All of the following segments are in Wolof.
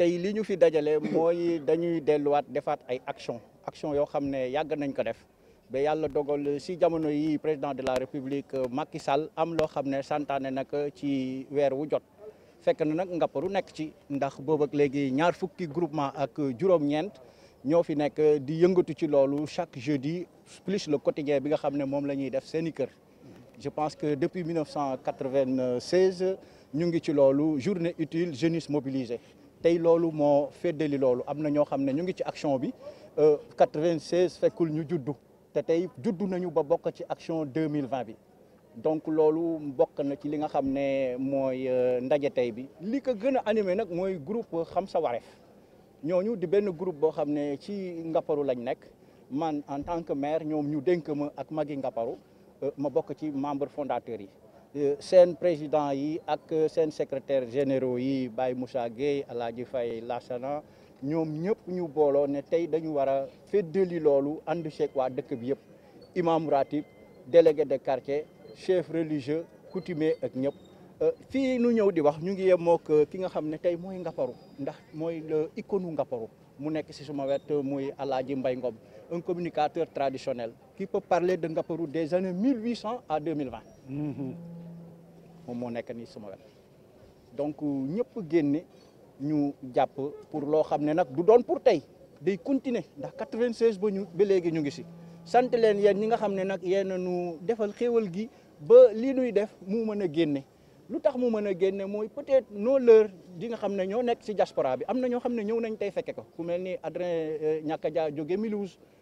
tay li ñu fi dajalé moy dañuy delluwaat défat ay action action yo xamné yag nañ ko def bé yalla dogal si jamono yi président de la république euh, Macky Sall am lo xamné santané nak ci weer wu jot fekk na nak ngapparu nek ci ndax bob ak légui ñaar fukki groupement ak juróom ñent ñoo fi nekk di yëngatu ci loolu chaque jeudi plus le quotidien bi nga xamné mom lañuy def seen kër je pense que depuis 1996 ñu ngi ci loolu journée utile jeunesse mobilisée tay loolu mo feddali loolu amna ño xamné ñu ngi ci action bi 96 euh, fekkul ñu juddu té tay juddu nañu ba bok ci action 2020 bi donc loolu bokk na ci li nga xamné moy euh, ndaje tay bi li ko gëna animer nak moy groupe xam sa wareef ñoñu di benn groupe bo xamné ci Ngaparou lañ nek man en tant que maire ñom ñu dénk ma ak magi Ngaparou euh, ma bok ci membre fondateur yi le euh, président yi ak euh, secrétaire généraux yi Moussa Gueye Aladji Faye Lassana ñom ñep ñu bolo ne dañu imam ratib délégué de quartier chef religieux coutumier ak ñep euh, fi ñu ñëw di wax ñu ngi nga le icône mu suma un communicateur traditionnel qui peut parler de Ngaparou des années 1800 à 2020 Mhm. moom moo nekk nii suma wet donc ñëpp génne ñu jàpp pour loo xam ne nag du doon pour tey day continuer ndax 96 ba ñu ba léegi ñu ngi si sant leen yéen ñi nga xam ne nag yéen nu defal xéewal gi ba lii nuy def mu mën a génne lu tax mu mën a génne mooy peut-être nos leurs di nga xam ne ñoo nekk si diaspora bi am na ñoo xam ne ñëw nañ tey fekke ko ku mel ni Adrien Ñàkka euh, Dia jóge Milouze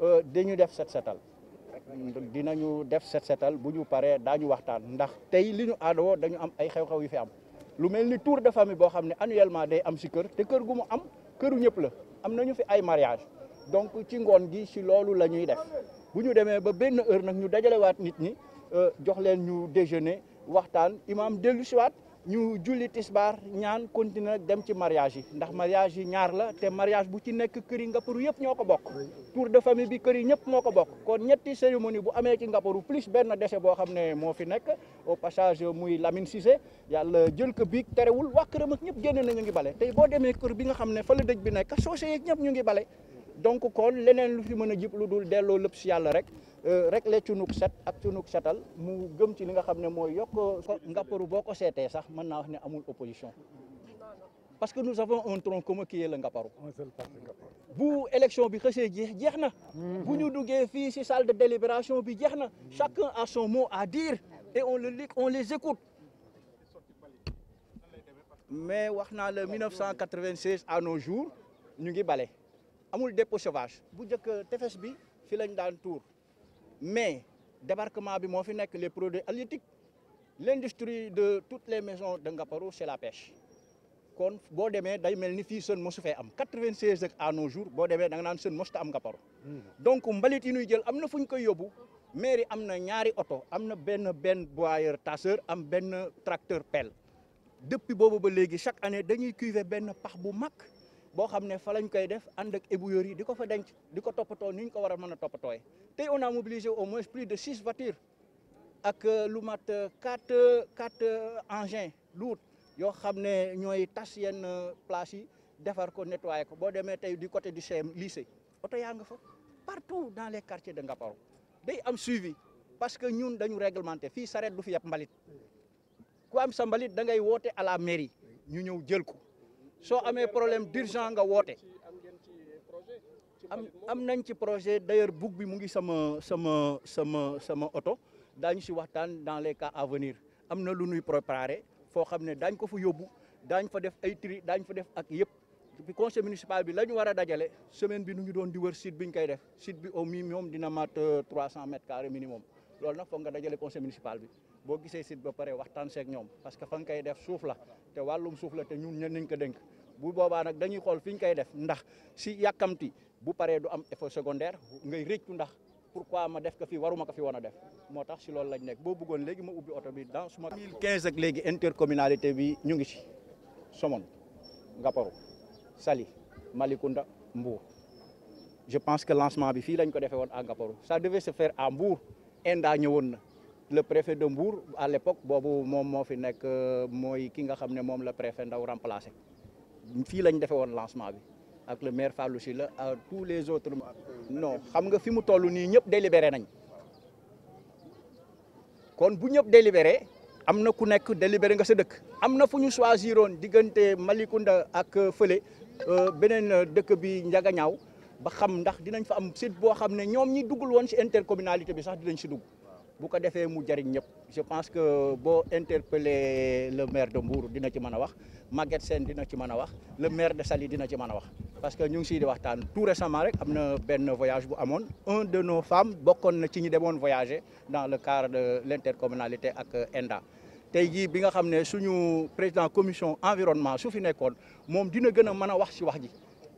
Euh, dañu def set setal dinañu def set setal bu ñu paree daañu waxtaan ndax tey li ñu aadoo dañu am ay xew-xew yu fi am lu mel ni tour de famille boo xam ne annuellement day am si kër te kër gu mu am këru ñëpp la am nañu fi ay mariage donc ci ngoon gi si loolu la ñuy def bu ñu demee ba benn heure nag ñu dajalewaat nit ñi euh, jox leen ñu déjeuner waxtaan imaam dellu siwaat ñu julli tisbar ñaan continuer nak dem ci mariage yi ndax mariage yi ñaar la té mariage bu ci nek kër yi nga pour yépp ñoko bok tour de famille bi kër yi ñëpp moko bok kon ñetti cérémonie bu amé ci ngapourou plus benn déchet bo xamné mo fi nek au passage muy lamine cissé yalla jël ke bi téréwul wakërem ak ñëpp gënë na ñu ngi balé tay bo démé kër bi nga xamné fa la dëj bi nek soxé ak ñëpp ñu ngi balé donc kon leneen lu fi mën a jib lu dul delloo lépp si yàlla rek euh, rek le cunuk set ak cunuk setal mu gëm ci li nga xam ne mooy yokk ngàpparu boo ko seetee sax mën naa wax ne amul opposition parce que nous avons un tronc commun qui est le Ngaparou bu élection bi xësee jeex jeex na hmm. bu ñu duggee fii si salle de délibération bi jeex na hmm. chacun a son mot à dire et on le lit on les écoute mais wax naa la 1996 à nos jours ñu ngi bale amul dépôt sauvage bu njëkk tefes bi fi lañ daan tour, mais débarquement bi moo fi nekk les produits halieutiques l'industrie de toutes les maisons de Ngaparou c'est la pêche kon boo demee day mel ni fii sën mosu fee am 96 ak à nos jours boo demee da nga naan sën mosuta am Ngaparou hmm. donc mbalit yi ñuy jël am na fu koy yóbbu mairie am na ñaari oto am na benn benn tasseur am benn tracteur pelle depuis boobu ba léegi chaque année dañuy cuver benn pax bu mag boo xam ne fa lañ koy def ànd ak éboueurs yi di ko fa denc di ko toppatoo ni ñu ko war a mën a toppatooyee tey on a mobilisé au moins plus de six voitures ak euh, lu mat euh, quatre quatre euh, engins lourds yoo xam ne ñooy tas yenn places yi defar ko nettoyer ko boo demee tey du côté du CM lycée oto yaa nga fa partout dans les quartiers de Ngaparou day am suivi parce que ñun dañu réglementé fii saret du fi yàpp mbalit ku am sa mbalit da ngay woote à la mairie ñu ñëw jël ko. soo amee problème d'urgence nga woote am am nañ ci projet d'ailleurs bug bi mu ngi sama sama sama sama oto daañu si waxtaan dans le cas avenir am na lu nuy préparé foo xam ne daañ ko fa yóbbu daañ fa def ay tri daañ fa def ak yëpp bi conseil municipal bi la ñu war a dajale semaine bi nu ngi doon di wër site bi ñu koy def site bi au minimum dina mat 300 euh, mètres carrés minimum lool nag foog nga dajale conseil municipal bi bo gisee sit lah. lah, ba pare waxtaan seeg ñoom parce que fa nga def suuf la te wàllum suuf la te ñun ñan nañ ko dénk bu boobaa nag dañuy xool fi koy def ndax si yàkkamti bu paree du am effet secondaire ngay réccu ndax pourquoi ma def ko fi waruma ko fi wana def moo tax si loolu lañ nekk boo bëggoon léegi ma ubbi oto bi dans suma 2015 ak léegi intercommunalité bi ñu ngi si somon ngaporu sali malikunda mbour je pense que lancement bi fii lañ ko defee woon à ngaporu ça devait se faire à mbour enda ñëwoon na le préfet de Mbour à l'époque boobu moom moo fi nekk euh, mooy ki nga xam ne moom la préfet Ndaw remplacé fii lañ defee woon lancement bi ak le maire Fallou Sylla à tous les autres no xam nga fi mu toll nii ñëpp délibéré nañ kon bu ñëpp délibéré am na ku nekk délibéré nga sa dëkk am na fu ñu choisiroon diggante Malicounda ak euh, fële euh, beneen dëkk bi Ndiaga Ñaaw ba xam ndax dinañ fa am site boo xam ne ñoom ñi duggul woon si intercommunalité bi sax dinañ si dugg bu ko defee mu je pense que bo interpeller le maire de Mbour dina ci mëna wax Maguette Sen dina ci mëna wax le maire de Sali dina ci mëna wax parce que ñu ngi siy di waxtaan tout récemment rek amna ben voyage bu amone, un de nos femmes bokkoon na ci ñi démon voyager dans le cadre de l'intercommunalité ak ENDA Tay jii bi nga xamné suñu président commission environnement su fi nekkoon mom dina gëna mëna wax ci wax ji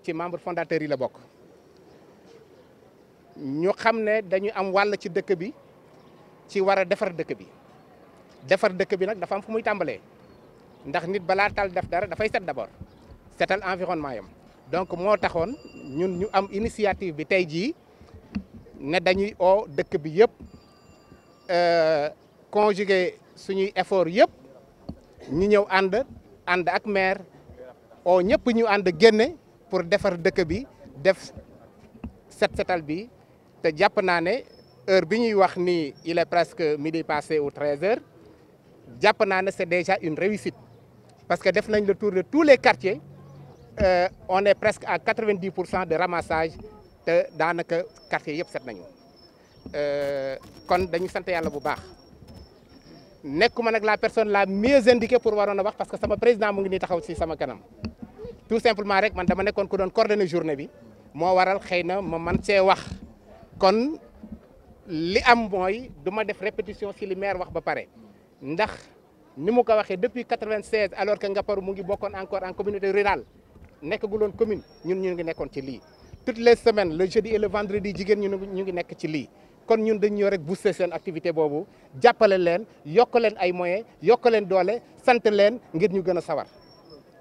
ci membre fondateur yi la bok ñu xamné dañu am wal ci dëkk bi ci wara a defar dëkk bi defar dëkk bi nak dafa am fu muy tambalé ndax nit balaa tal def dara da fay set d'abord setal environnement yam donc mo taxone ñun ñu am initiative bi tay ji né dañuy o dëkk bi yépp euh conjuguer suñuy effort yépp ñu ñëw and and ak maire o ñëpp ñu and génne pour faire dëkk bi def set setal bi te jàpp il est presque midi passé ou 13 h jàpp c'est déjà une réussite parce que def nañ le tour de tous les quartiers euh, on est presque à 90 de ramassage dans daanaka quartier yëpp set nañu euh, kon dañu à la bu baax nekkuma la personne la mieux indiquée pour voir wax parce que sama président mu ngi nii taxaw ci sama tout simplement rek man dama nekkon ku done coordonner journée bi mo waral xeyna na ma man see wax kon li am mooy duma def répétition ci li maire wax ba paré ndax ni mu ko waxee depuis 96 alors que Ngaparou mu ngi bokone encore en communauté rurale nekkaguloon commune ñun ñu ngi nekkon ci li toutes les semaines le jeudi et le vendredi jigen ñu ñu ngi nekk ci li kon ñun dañ ñëw rek booster seen activité bobu jappalé leen yokk leen ay moyens yokk leen doole sant leen ngir ñu gëna sawar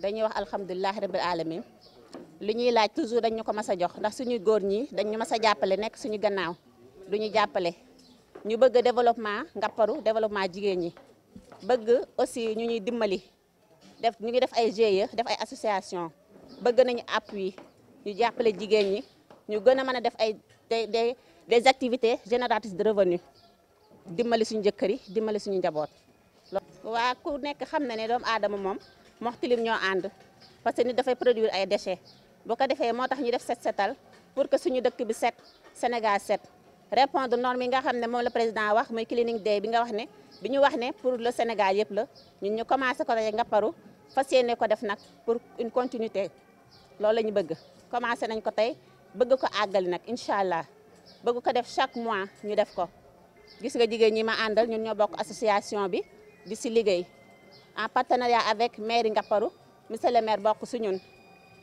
dañuy wax alhamdulillah rabbil alamin lu ñuy laaj toujours dañ ñu ko massa jox ndax suñu goor ñi dañ ñu massa jappalé nek suñu gannaaw lu ñu jappalé ñu bëgg développement ngaparu développement jigéen ñi bëgg aussi ñu ñuy dimbali def ñu ngi def ay GIE def ay association bëgg nañu appui ñu jappalé jigéen ñi ñu gëna mëna def ay des activités génératrices de revenus dimbali suñu jëkëri dimbali suñu njaboot wa ku nek xamna ne doom adam mom moxtilim ñoo ànd parce que nit dafay produire ay déchets bu ko defee moo tax ñu def set setal pour que suñu dëkk bi set Sénégal set répondre norme mi nga xam ne moom la président wax muy cleaning day bi nga wax ne bi ñu wax ne pour le Sénégal yëpp la ñun ñu commencé ko rek nga paru fas yéene ko def nag pour une continuité loolu la ñu bëgg commencé nañ ko tey bëgg ko àggali nag incha allah bëgg ko def chaque mois ñu def ko gis nga jigéen ñi ma àndal ñun ñoo bokk association bi di si liggéey en partenariat avec mairie Ngaparou monsieur le maire bokk su ñun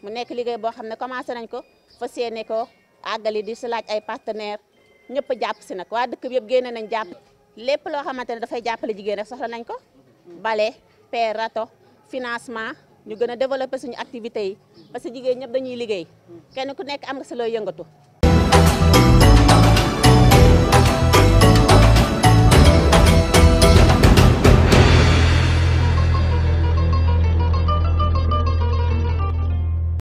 mu nekk liggéey boo xam ne commencé nañ ko fas yéene ko àggali di si laaj ay partenaires ñëpp jàpp si nag waa dëkk bi yëpp génne nañ jàpp lépp loo xamante ne dafay jàppale jigéen rek soxla nañ ko bale per financement ñu gën a développer suñu activités yi parce que jigéen ñëpp dañuy liggéey kenn ku nekk am nga si looy yëngatu